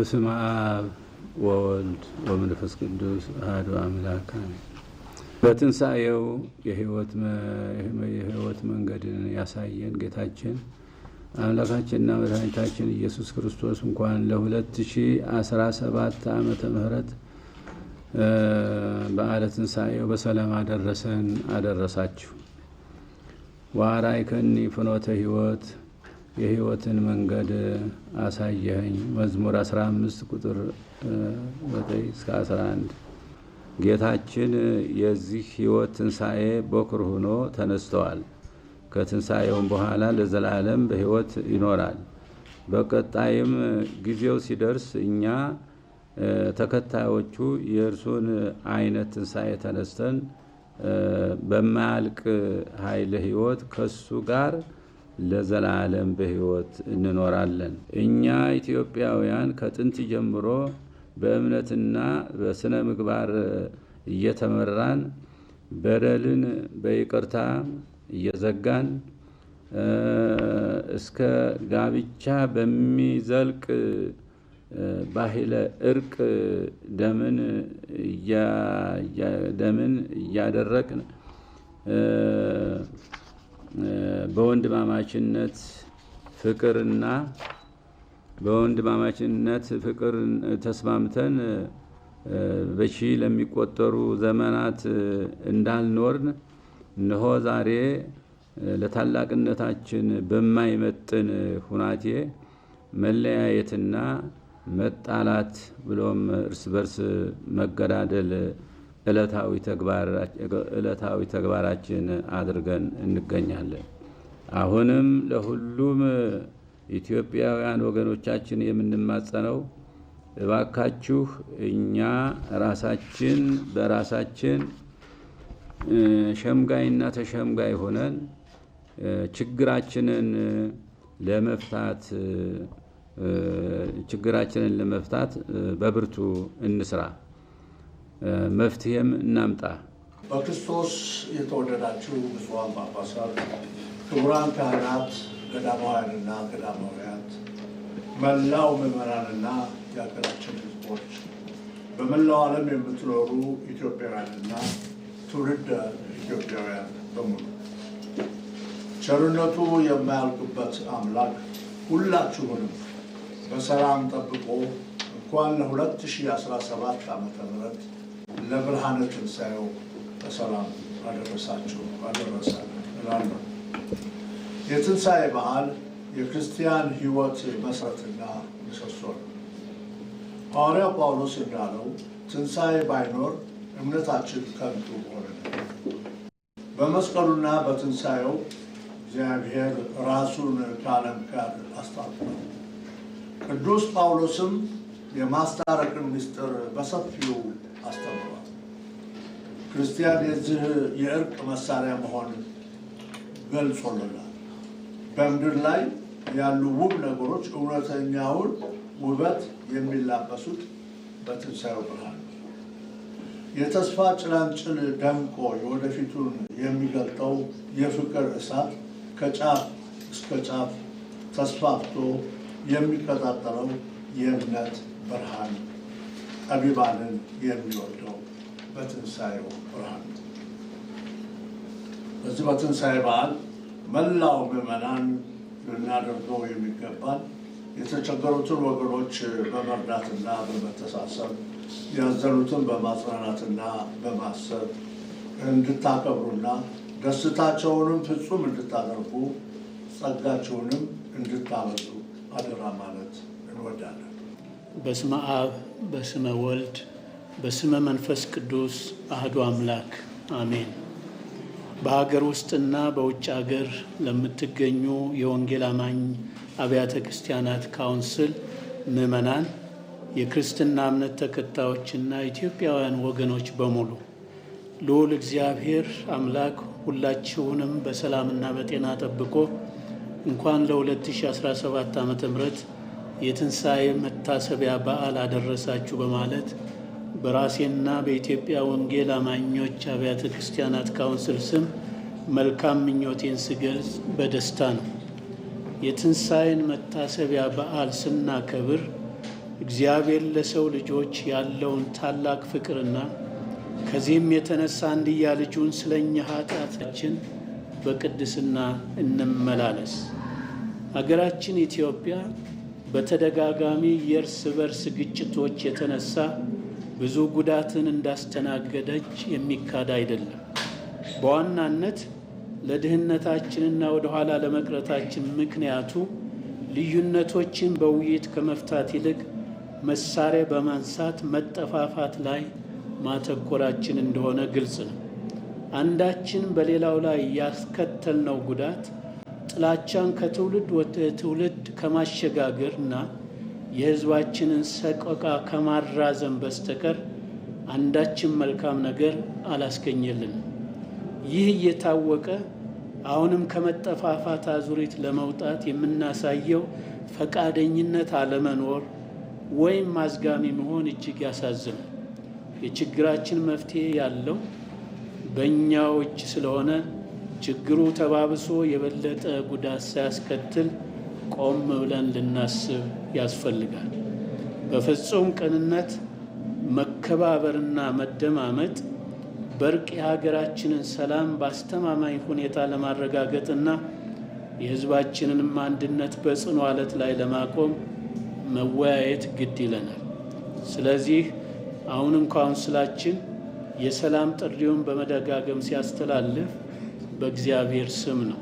በስመ አብ ወወልድ ወመንፈስ ቅዱስ አሐዱ አምላክ። በትንሣኤው የሕይወት መንገድን ያሳየን ጌታችን አምላካችንና መድኃኒታችን ኢየሱስ ክርስቶስ እንኳን ለ2017 ዓመተ ምሕረት በዓለ ትንሣኤው በሰላም አደረሰን አደረሳችሁ። ዋራይ ከኒ ፍኖተ ሕይወት የህይወትን መንገድ አሳየኸኝ። መዝሙር 15 ቁጥር 9 እስከ 11 ጌታችን የዚህ ህይወት ትንሣኤ በኩር ሆኖ ተነስተዋል። ከትንሣኤውም በኋላ ለዘላለም በህይወት ይኖራል። በቀጣይም ጊዜው ሲደርስ እኛ ተከታዮቹ የእርሱን አይነት ትንሣኤ ተነስተን በማያልቅ ኃይል ህይወት ከሱ ጋር ለዘላለም በሕይወት እንኖራለን። እኛ ኢትዮጵያውያን ከጥንት ጀምሮ በእምነትና በስነ ምግባር እየተመራን በደልን በይቅርታ እየዘጋን እስከ ጋብቻ በሚዘልቅ ባህለ እርቅ ደምን ደምን በወንድማማችነት ፍቅርና በወንድማማችነት ፍቅር ተስማምተን በቺ ለሚቆጠሩ ዘመናት እንዳልኖርን እነሆ ዛሬ ለታላቅነታችን በማይመጥን ሁናቴ መለያየትና መጣላት ብሎም እርስ በርስ መገዳደል ዕለታዊ ተግባራችን አድርገን እንገኛለን። አሁንም ለሁሉም ኢትዮጵያውያን ወገኖቻችን የምንማጸነው እባካችሁ እኛ ራሳችን በራሳችን ሸምጋይና ተሸምጋይ ሆነን ችግራችንን ለመፍታት ችግራችንን ለመፍታት በብርቱ እንስራ። መፍትሄም እናምጣ። በክርስቶስ የተወደዳችሁ ብፁዓን ጳጳሳት፣ ክቡራን ካህናት፣ ገዳማውያንና ገዳማውያት፣ መላው ምዕመናንና የሀገራችን ሕዝቦች በመላው ዓለም የምትኖሩ ኢትዮጵያውያንና ትውልደ ኢትዮጵያውያን በሙሉ ቸርነቱ የማያልቅበት አምላክ ሁላችሁንም በሰላም ጠብቆ እንኳን ለ2017 ዓ.ም ለብርሃነ ትንሣኤው በሰላም አደረሳችሁ አደረሰን እላለሁ። የትንሣኤ በዓል የክርስቲያን ሕይወት መሠረትና ምሰሶ ነው። ሐዋርያው ጳውሎስ እንዳለው ትንሣኤ ባይኖር እምነታችን ከንቱ ሆነ። በመስቀሉና በትንሣኤው እግዚአብሔር ራሱን ከዓለም ጋር አስታርቋል። ቅዱስ ጳውሎስም የማስታረቅን ምስጢር በሰፊው አስተምሯል። ክርስቲያን የዚህ የእርቅ መሳሪያ መሆን ገልጾልናል። በምድር ላይ ያሉ ውብ ነገሮች እውነተኛውን ውበት የሚላበሱት በትንሣኤው ብርሃን የተስፋ ጭላንጭል ደምቆ የወደፊቱን የሚገልጠው የፍቅር እሳት ከጫፍ እስከ ጫፍ ተስፋፍቶ የሚቀጣጠለው የእምነት ብርሃን ነው። ጠቢባንን የሚወደው በትንሣኤው ብርሃን። በዚህ በትንሣኤ በዓል መላው ምዕመናን ልናደርገው የሚገባል የተቸገሩትን ወገኖች በመርዳትና በመተሳሰብ ያዘኑትን በማጽናናትና በማሰብ እንድታከብሩና ደስታቸውንም ፍጹም እንድታደርጉ ጸጋቸውንም እንድታበዙ አደራ ማለት እንወዳለን። በስመ አብ በስመ ወልድ በስመ መንፈስ ቅዱስ አህዶ አምላክ አሜን። በሀገር ውስጥና በውጭ ሀገር ለምትገኙ የወንጌል አማኝ አብያተ ክርስቲያናት ካውንስል ምዕመናን፣ የክርስትና እምነት ተከታዮችና ኢትዮጵያውያን ወገኖች በሙሉ ልዑል እግዚአብሔር አምላክ ሁላችሁንም በሰላምና በጤና ጠብቆ እንኳን ለ2017 ዓ.ም የትንሣኤ መታሰቢያ በዓል አደረሳችሁ በማለት በራሴና በኢትዮጵያ ወንጌል አማኞች አብያተ ክርስቲያናት ካውንስል ስም መልካም ምኞቴን ስገልጽ በደስታ ነው። የትንሣኤን መታሰቢያ በዓል ስናከብር እግዚአብሔር ለሰው ልጆች ያለውን ታላቅ ፍቅርና ከዚህም የተነሳ አንድያ ልጁን ስለ እኛ ኃጢአታችን በቅድስና እንመላለስ። አገራችን ኢትዮጵያ በተደጋጋሚ የእርስ በርስ ግጭቶች የተነሳ ብዙ ጉዳትን እንዳስተናገደች የሚካድ አይደለም። በዋናነት ለድህነታችንና ወደ ኋላ ለመቅረታችን ምክንያቱ ልዩነቶችን በውይይት ከመፍታት ይልቅ መሳሪያ በማንሳት መጠፋፋት ላይ ማተኮራችን እንደሆነ ግልጽ ነው። አንዳችን በሌላው ላይ ያስከተልነው ጉዳት ጥላቻን ከትውልድ ወደ ትውልድ ከማሸጋገር እና የህዝባችንን ሰቆቃ ከማራዘም በስተቀር አንዳችን መልካም ነገር አላስገኘልንም። ይህ እየታወቀ አሁንም ከመጠፋፋት አዙሪት ለመውጣት የምናሳየው ፈቃደኝነት አለመኖር ወይም ማዝጋሚ መሆን እጅግ ያሳዝናል። የችግራችን መፍትሄ ያለው በእኛው እጅ ስለሆነ ችግሩ ተባብሶ የበለጠ ጉዳት ሳያስከትል ቆም ብለን ልናስብ ያስፈልጋል። በፍጹም ቅንነት መከባበርና መደማመጥ በርቅ የሀገራችንን ሰላም በአስተማማኝ ሁኔታ ለማረጋገጥና የሕዝባችንንም አንድነት በጽኑ አለት ላይ ለማቆም መወያየት ግድ ይለናል። ስለዚህ አሁንም ካውንስላችን የሰላም ጥሪውን በመደጋገም ሲያስተላልፍ በእግዚአብሔር ስም ነው።